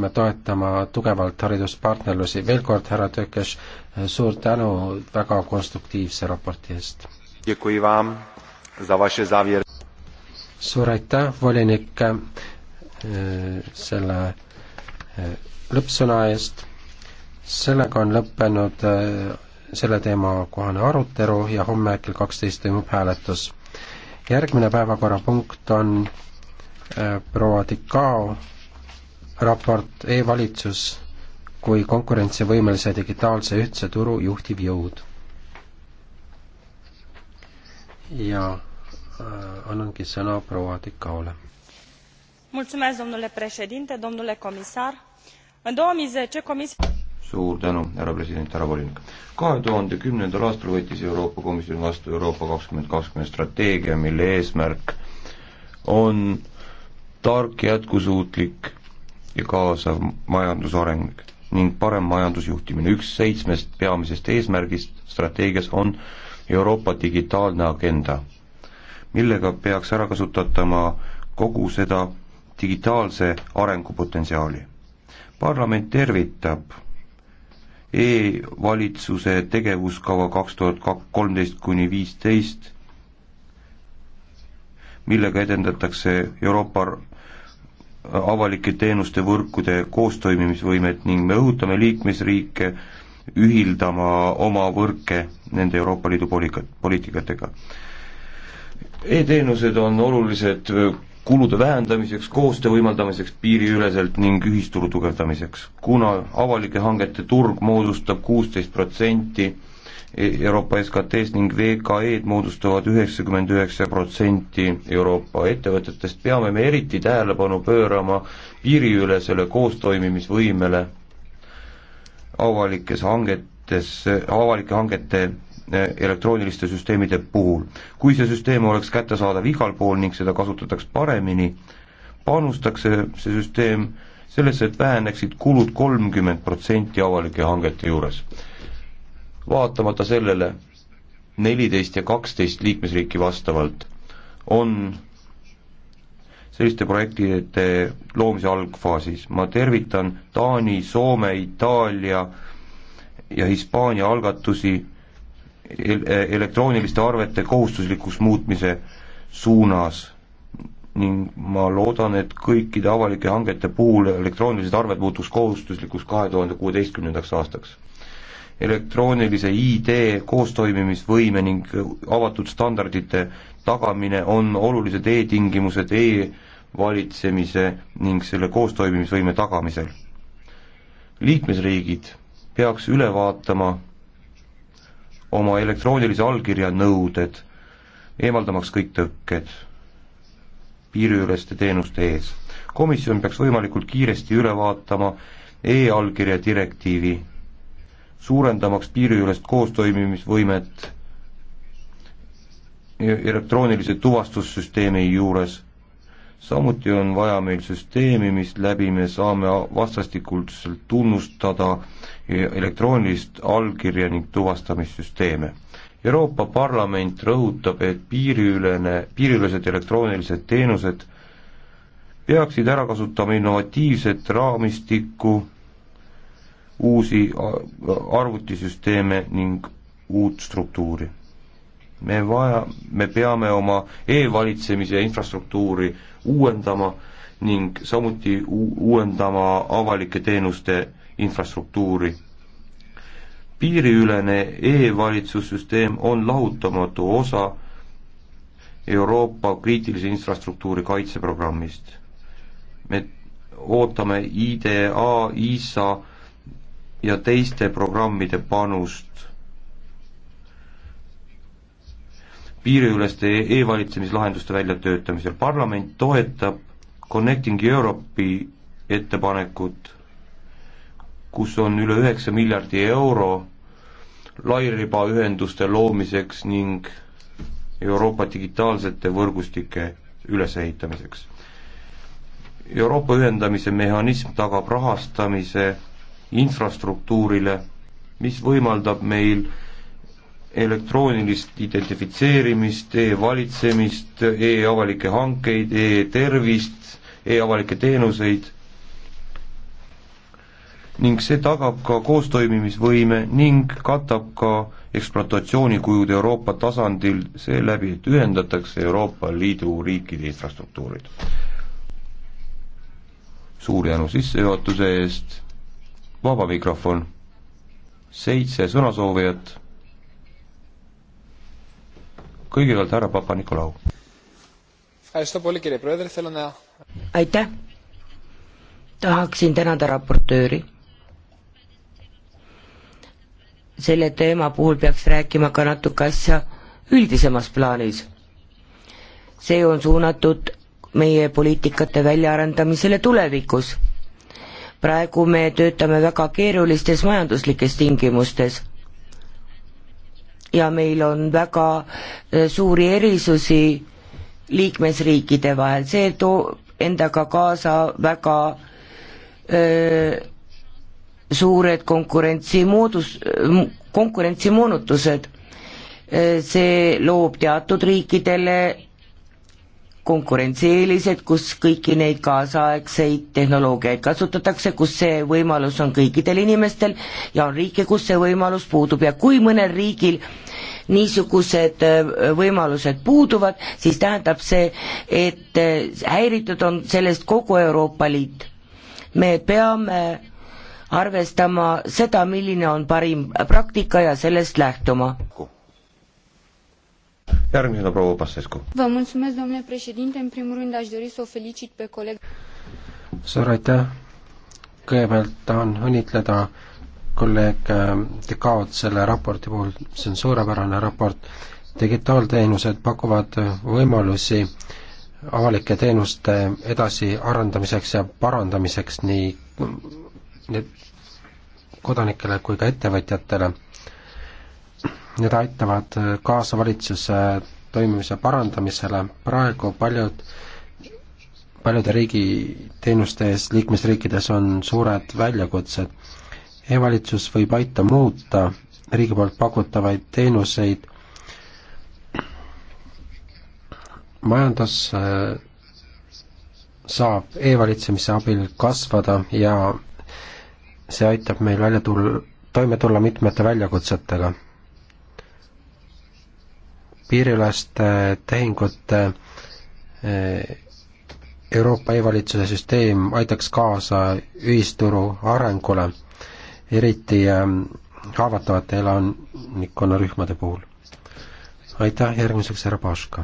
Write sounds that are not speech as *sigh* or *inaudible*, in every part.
me toetama tugevalt hariduspartnerlusi. veel kord, härra Tökes, suur tänu väga konstruktiivse raporti eest. suur aitäh, volinik, äh, selle äh, lõppsõna eest. sellega on lõppenud äh, selle teema kohane arutelu ja homme kell kaksteist toimub hääletus. järgmine päevakorrapunkt on proua Dikao raport E-valitsus kui konkurentsivõimelise digitaalse ühtse turu juhtiv jõud. ja äh, annangi sõna proua Tikaole. suur tänu, härra president, härra volinik. kahe tuhande kümnendal aastal võttis Euroopa Komisjon vastu Euroopa kakskümmend kakskümmend strateegia, mille eesmärk on tark jätkusuutlik ja kaasav majandusareng ning parem majandusjuhtimine. üks seitsmest peamisest eesmärgist strateegias on Euroopa digitaalne agenda, millega peaks ära kasutatama kogu seda digitaalse arengu potentsiaali. parlament tervitab e-valitsuse tegevuskava kaks tuhat kolmteist kuni viisteist, millega edendatakse Euroopa avalike teenuste võrkude koostoimimisvõimet ning me õhutame liikmesriike ühildama oma võrke nende Euroopa Liidu poliikat, poliitikatega. E-teenused on olulised kulude vähendamiseks, koostöö võimaldamiseks piiriüleselt ning ühisturu tugevdamiseks. kuna avalike hangete turg moodustab kuusteist protsenti Euroopa SKT-st ning VKE-d moodustavad üheksakümmend üheksa protsenti Euroopa ettevõtetest, peame me eriti tähelepanu pöörama piiriülesele koostoimimisvõimele avalikes hangetes, avalike hangete eh, elektrooniliste süsteemide puhul. kui see süsteem oleks kättesaadav igal pool ning seda kasutataks paremini, panustaks see, see süsteem sellesse, et väheneksid kulud kolmkümmend protsenti avalike hangete juures vaatamata sellele neliteist ja kaksteist liikmesriiki vastavalt on selliste projektide loomise algfaasis. ma tervitan Taani, Soome, Itaalia ja Hispaania algatusi e-, elektrooniliste arvete kohustuslikuks muutmise suunas ning ma loodan, et kõikide avalike hangete puhul elektroonilised arved muutuks kohustuslikuks kahe tuhande kuueteistkümnendaks aastaks elektroonilise ID koostoimimisvõime ning avatud standardite tagamine on olulised e-tingimused e-valitsemise ning selle koostoimimisvõime tagamisel. liikmesriigid peaks üle vaatama oma elektroonilise allkirja nõuded, eemaldamaks kõik tõkked piiriüleste teenuste ees. komisjon peaks võimalikult kiiresti üle vaatama e-allkirja direktiivi suurendamaks piiriülest koostoimimisvõimet e- elektroonilise tuvastussüsteemi juures. samuti on vaja meil süsteemi, mis läbi me saame vastastikult tunnustada e- elektroonilist allkirja ning tuvastamissüsteeme. Euroopa Parlament rõhutab, et piiriülene, piiriülesed elektroonilised teenused peaksid ära kasutama innovatiivset raamistikku uusi arvutisüsteeme ning uut struktuuri. me vaja, me peame oma e-valitsemise infrastruktuuri uuendama ning samuti uuendama avalike teenuste infrastruktuuri. piiriülene e-valitsussüsteem on lahutamatu osa Euroopa kriitilise infrastruktuuri kaitseprogrammist. me ootame IDA, ISA ja teiste programmide panust piiriüleste e-valitsemislahenduste väljatöötamisel. parlament toetab Connecting Europe'i ettepanekut, kus on üle üheksa miljardi euro lairibaühenduste loomiseks ning Euroopa digitaalsete võrgustike ülesehitamiseks. Euroopa ühendamise mehhanism tagab rahastamise infrastruktuurile, mis võimaldab meil elektroonilist identifitseerimist e, e-valitsemist e, e-avalikke hankeid e, e-tervist e, e-avalikke teenuseid ning see tagab ka koostoimimisvõime ning katab ka ekspluatatsioonikulud Euroopa tasandil seeläbi, et ühendatakse Euroopa Liidu riikide infrastruktuurid. suur tänu sissejuhatuse eest vaba mikrofon. seitse sõnasoovijat. kõigepealt härra Papa-Nikolau. aitäh. tahaksin tänada raportööri. selle teema puhul peaks rääkima ka natuke asja üldisemas plaanis. see on suunatud meie poliitikate väljaarendamisele tulevikus praegu me töötame väga keerulistes majanduslikes tingimustes. ja meil on väga eh, suuri erisusi liikmesriikide vahel, see toob endaga kaasa väga öö, eh, suured konkurentsimoodus, konkurentsimoonutused. Eh, see loob teatud riikidele konkurentsieelised, kus kõiki neid kaasaegseid tehnoloogiaid kasutatakse, kus see võimalus on kõikidel inimestel ja on riike, kus see võimalus puudub ja kui mõnel riigil niisugused äh, võimalused puuduvad, siis tähendab see, et äh, häiritud on sellest kogu Euroopa Liit. me peame arvestama seda, milline on parim praktika ja sellest lähtuma järgmisena proua Pasescu. suur aitäh, kõigepealt tahan õnnitleda kolleeg Dekaod selle raporti puhul, see on suurepärane raport, digitaalteenused pakuvad võimalusi avalike teenuste edasiarendamiseks ja parandamiseks nii kodanikele kui ka ettevõtjatele Need aitavad äh, kaasa valitsuse toimimise parandamisele, praegu paljud, paljude riigiteenuste ees liikmesriikides on suured väljakutsed e. e-valitsus võib aita muuta riigi poolt pakutavaid teenuseid majandus äh, saab e-valitsemise abil kasvada ja see aitab meil välja tulla, toime tulla mitmete väljakutsetega piiriüleste tehingute eh, Euroopa e-valitsuse süsteem aitaks kaasa ühisturu arengule, eriti eh, haavatavate elanikkonnarühmade puhul. aitäh, järgmiseks härra Paška.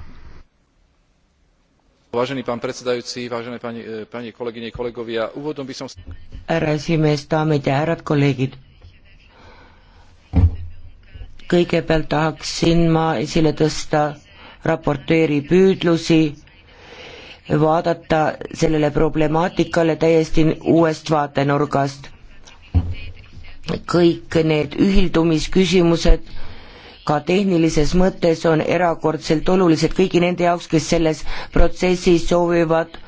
Eh, härra esimees, daamid ja härrad, kolleegid kõigepealt tahaksin ma esile tõsta raporteeri püüdlusi vaadata sellele problemaatikale täiesti uuest vaatenurgast. kõik need ühildumisküsimused ka tehnilises mõttes on erakordselt olulised kõigi nende jaoks, kes selles protsessis soovivad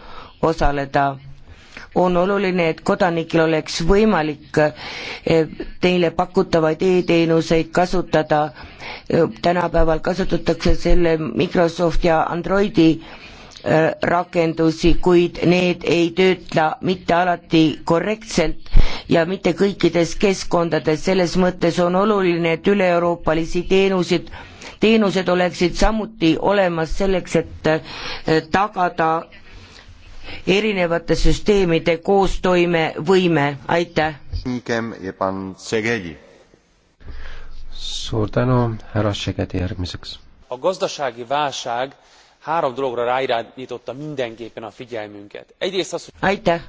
osaleda on oluline, et kodanikel oleks võimalik teile eh, pakutavaid e-teenuseid kasutada. Eh, tänapäeval kasutatakse selle Microsoft ja Androidi eh, rakendusi, kuid need ei tööta mitte alati korrektselt ja mitte kõikides keskkondades, selles mõttes on oluline, et üle-euroopalisi teenuseid, teenused oleksid samuti olemas selleks, et tagada erinevate süsteemide koostoimevõime, aitäh! suur tänu, härra Segedi järgmiseks. a gazdasági válság három dologra ráirányította mindenképpen a figyelmünket. Egyrészt az, hogy... Aitäh!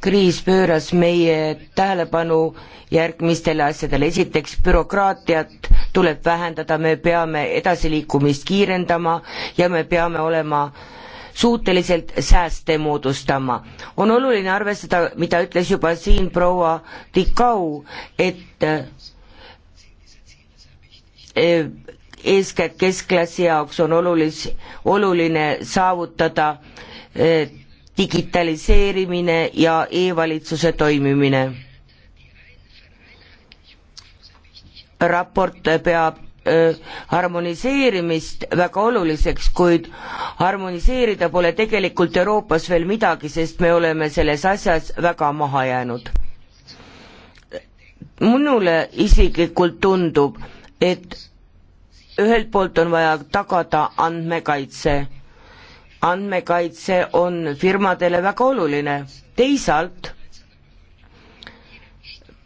kriis pööras meie tähelepanu järgmistele asjadele, esiteks bürokraatiat tuleb vähendada, me peame edasiliikumist kiirendama ja me peame olema äh, suuteliselt sääste moodustama. on oluline arvestada, mida ütles juba siin proua Tikau, et e, eeskätt keskklassi jaoks on olulis-, oluline saavutada e, digitaliseerimine ja e-valitsuse toimimine. raport peab harmoniseerimist väga oluliseks, kuid harmoniseerida pole tegelikult Euroopas veel midagi, sest me oleme selles asjas väga maha jäänud. minule isiklikult tundub, et ühelt poolt on vaja tagada andmekaitse. andmekaitse on firmadele väga oluline, teisalt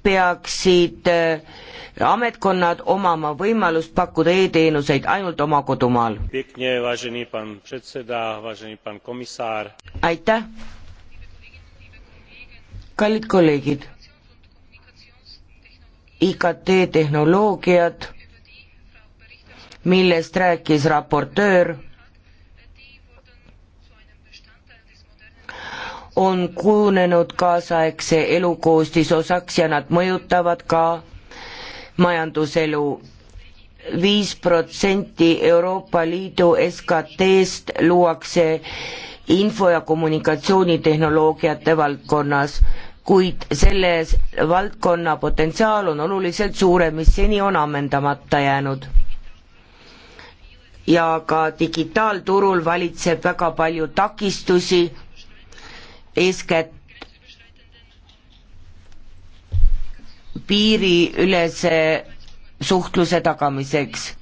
peaksid äh, ametkonnad omama võimalust pakkuda e-teenuseid ainult oma kodumaal. aitäh. kallid kolleegid, IKT tehnoloogiad, millest rääkis raportöör on kujunenud kaasaegse elu koostisosaks ja nad mõjutavad ka majanduselu. viis protsenti Euroopa Liidu SKT-st luuakse info- ja kommunikatsioonitehnoloogiate valdkonnas, kuid selle valdkonna potentsiaal on oluliselt suurem, mis seni on ammendamata jäänud. ja ka digitaalturul valitseb väga palju takistusi eeskätt piiriülese suhtluse tagamiseks.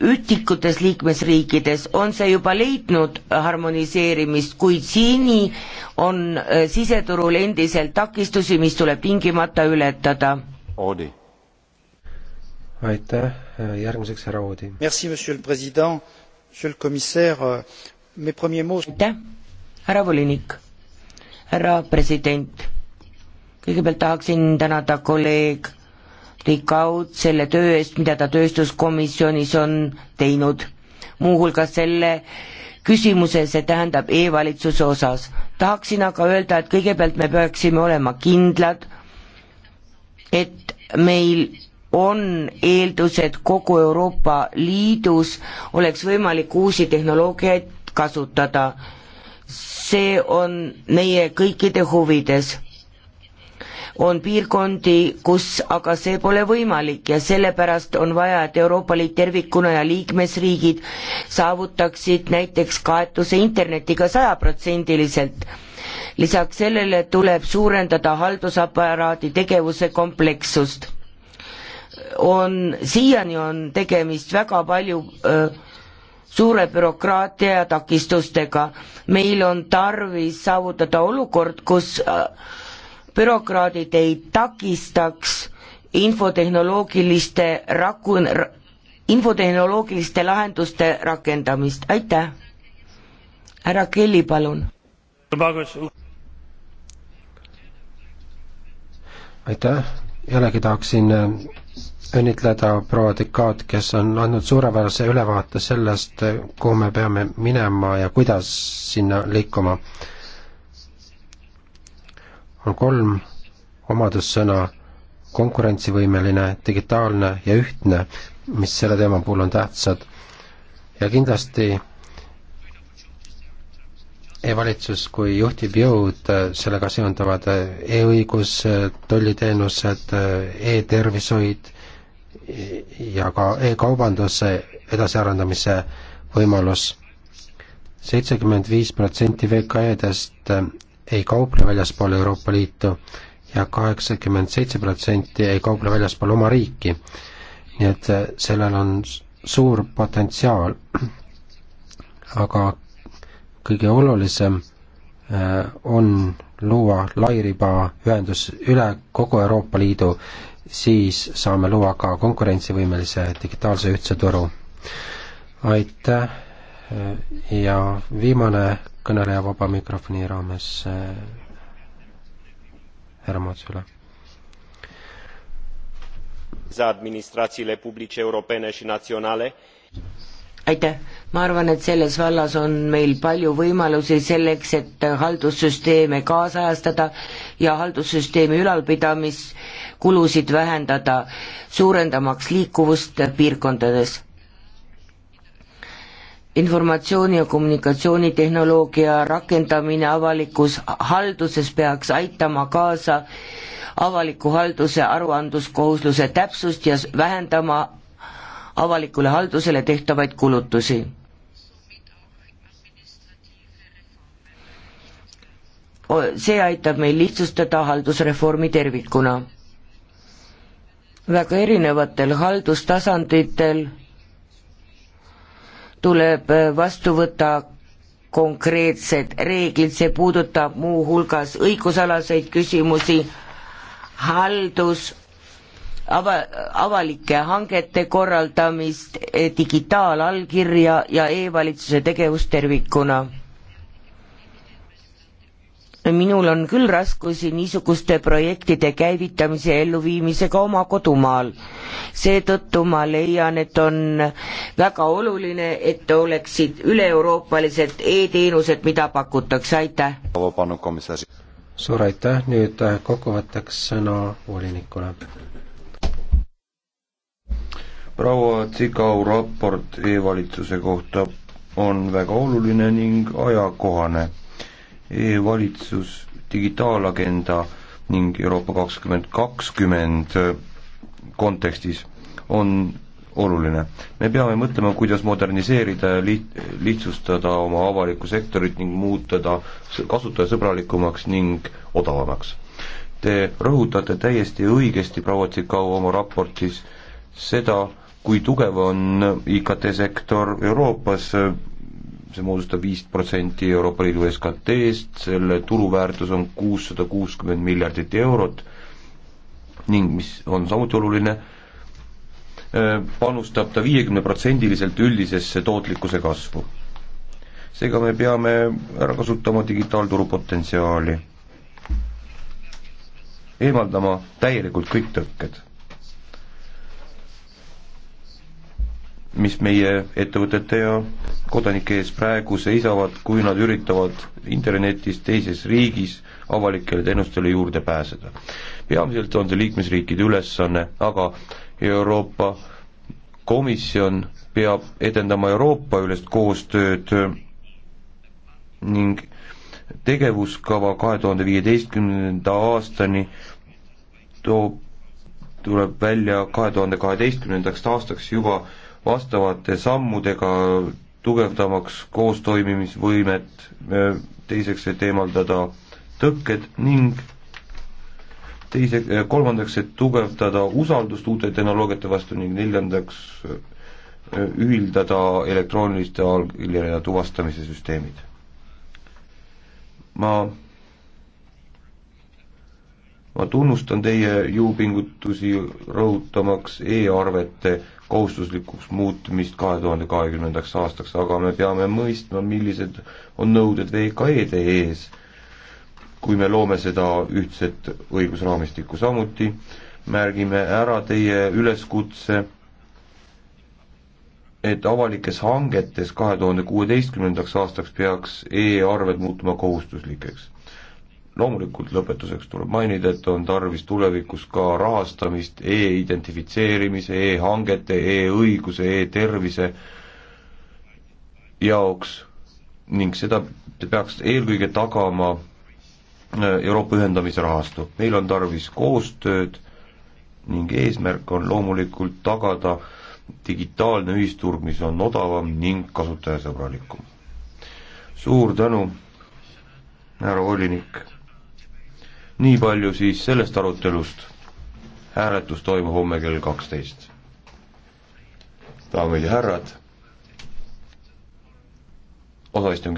ütikutes liikmesriikides on see juba leidnud harmoniseerimist, kuid siini on äh, siseturul endiselt takistusi, mis tuleb tingimata ületada. Oodi. aitäh, äh, järgmiseks härra Oodi. Euh, aitäh, härra volinik, härra president, kõigepealt tahaksin tänada kolleeg Rikaud selle töö eest, mida ta tööstuskomisjonis on teinud, muuhulgas selle küsimuse, see tähendab e-valitsuse osas. tahaksin aga öelda, et kõigepealt me peaksime olema kindlad, et meil on eeldused kogu Euroopa Liidus, oleks võimalik uusi tehnoloogiaid kasutada see on meie kõikide huvides. on piirkondi, kus aga see pole võimalik ja sellepärast on vaja, et Euroopa Liit tervikuna ja liikmesriigid saavutaksid näiteks kaetuse internetiga sajaprotsendiliselt lisaks sellele tuleb suurendada haldusaparaadi tegevuse komplekssust. on, siiani on tegemist väga palju öö, suure bürokraatia ja takistustega. meil on tarvis saavutada olukord, kus äh, bürokraadid ei takistaks infotehnoloogiliste raku-, infotehnoloogiliste lahenduste rakendamist, aitäh. härra Kelly, palun. aitäh, jällegi tahaksin äh, õnnitleda proua Dekaat, kes on andnud suurepärase ülevaate sellest, äh, kuhu me peame minema ja kuidas sinna liikuma. on kolm omadussõna, konkurentsivõimeline, digitaalne ja ühtne, mis selle teema puhul on tähtsad. ja kindlasti e-valitsus kui juhtiv jõud, äh, sellega seonduvad äh, e-õigus, äh, tolliteenused e, e-tervishoid ja ka e-kaubanduse edasiarendamise võimalus. seitsekümmend viis protsenti VKE-dest ei kauple väljaspool Euroopa Liitu ja kaheksakümmend seitse protsenti ei kauple väljaspool oma riiki. nii et sellel on suur potentsiaal, *clears throat* aga kõige olulisem äh, on luua lairibaühendus üle kogu Euroopa Liidu, siis saame luua ka konkurentsivõimelise digitaalse ühtse turu. aitäh äh, ja viimane kõneleja vaba mikrofoni raames äh, härra Matsule administraiile publice europene i naionale aitäh, ma arvan, et selles vallas on meil palju võimalusi selleks, et haldussüsteeme kaasajastada ja haldussüsteemi ülalpidamiskulusid vähendada, suurendamaks liikuvust piirkondades. informatsiooni- ja kommunikatsioonitehnoloogia rakendamine avalikus halduses peaks aitama kaasa avaliku halduse aruandluskohusluse täpsust ja vähendama avalikule haldusele tehtavaid kulutusi. see aitab meil lihtsustada haldusreformi tervikuna. väga erinevatel haldustasanditel tuleb vastu võtta konkreetsed reeglid, see puudutab muuhulgas õigusalaseid küsimusi, haldus, ava-, avalike hangete korraldamist, eh, digitaalallkirja ja e-valitsuse tegevust tervikuna. minul on küll raskusi niisuguste projektide käivitamise ja elluviimisega oma kodumaal. seetõttu ma leian, et on väga oluline, et oleksid üle-euroopalised e-teenused, mida pakutakse, aitäh! suur aitäh, nüüd kokkuvõtteks sõna volinikule proua Tsikau raport e-valitsuse kohta on väga oluline ning ajakohane e. e-valitsus, digitaalagenda ning Euroopa kakskümmend kakskümmend kontekstis on oluline. me peame mõtlema, kuidas moderniseerida ja liht-, lihtsustada oma avalikku sektorit ning muuta ta kasutajasõbralikumaks ning odavamaks. Te rõhutate täiesti õigesti, proua Tsikau, oma raportis seda, kui tugev on IKT-sektor Euroopas, see moodustab viis protsenti Euroopa Liidu SKT-st, selle turuväärtus on kuussada kuuskümmend miljardit eurot ning mis on samuti oluline, panustab ta viiekümneprotsendiliselt üldisesse tootlikkuse kasvu. seega me peame ära kasutama digitaalturu potentsiaali, eemaldama täielikult kõik tõkked mis meie ettevõtete ja kodanike ees praegu seisavad, kui nad üritavad internetis teises riigis avalikele teenustele juurde pääseda. peamiselt on see liikmesriikide ülesanne, aga Euroopa Komisjon peab edendama Euroopa-ülest koostööd ning tegevuskava kahe tuhande viieteistkümnenda aastani toob, tuleb välja kahe tuhande kaheteistkümnendaks aastaks juba äh, vastavate sammudega tugevdamaks koostoimimisvõimet, äh, teiseks, et eemaldada tõkked ning teise, äh, kolmandaks, et tugevdada usaldust uute tehnoloogiate vastu ning neljandaks, äh, ühildada elektrooniliste allkirjade tuvastamise süsteemid. ma ma tunnustan teie jõupingutusi rõhutamaks e-arvete kohustuslikuks muutmist kahe tuhande kahekümnendaks aastaks, aga me peame mõistma, millised on nõuded VKE-de ees, kui me loome seda ühtset õigusraamistikku. samuti märgime ära teie üleskutse, et avalikes hangetes kahe tuhande kuueteistkümnendaks aastaks peaks e-arved muutuma kohustuslikeks loomulikult lõpetuseks tuleb mainida, et on tarvis tulevikus ka rahastamist e-identifitseerimise e, e-hangete e, e-õiguse e, e-tervise jaoks ning seda peaks eelkõige tagama äh, Euroopa ühendamise rahastu. meil on tarvis koostööd ning eesmärk on loomulikult tagada digitaalne ühisturg, mis on odavam ning kasutajasõbralikum. suur tänu, härra volinik nii palju siis sellest arutelust. hääletus toimub homme kell kaksteist. daamid ja härrad, osaistung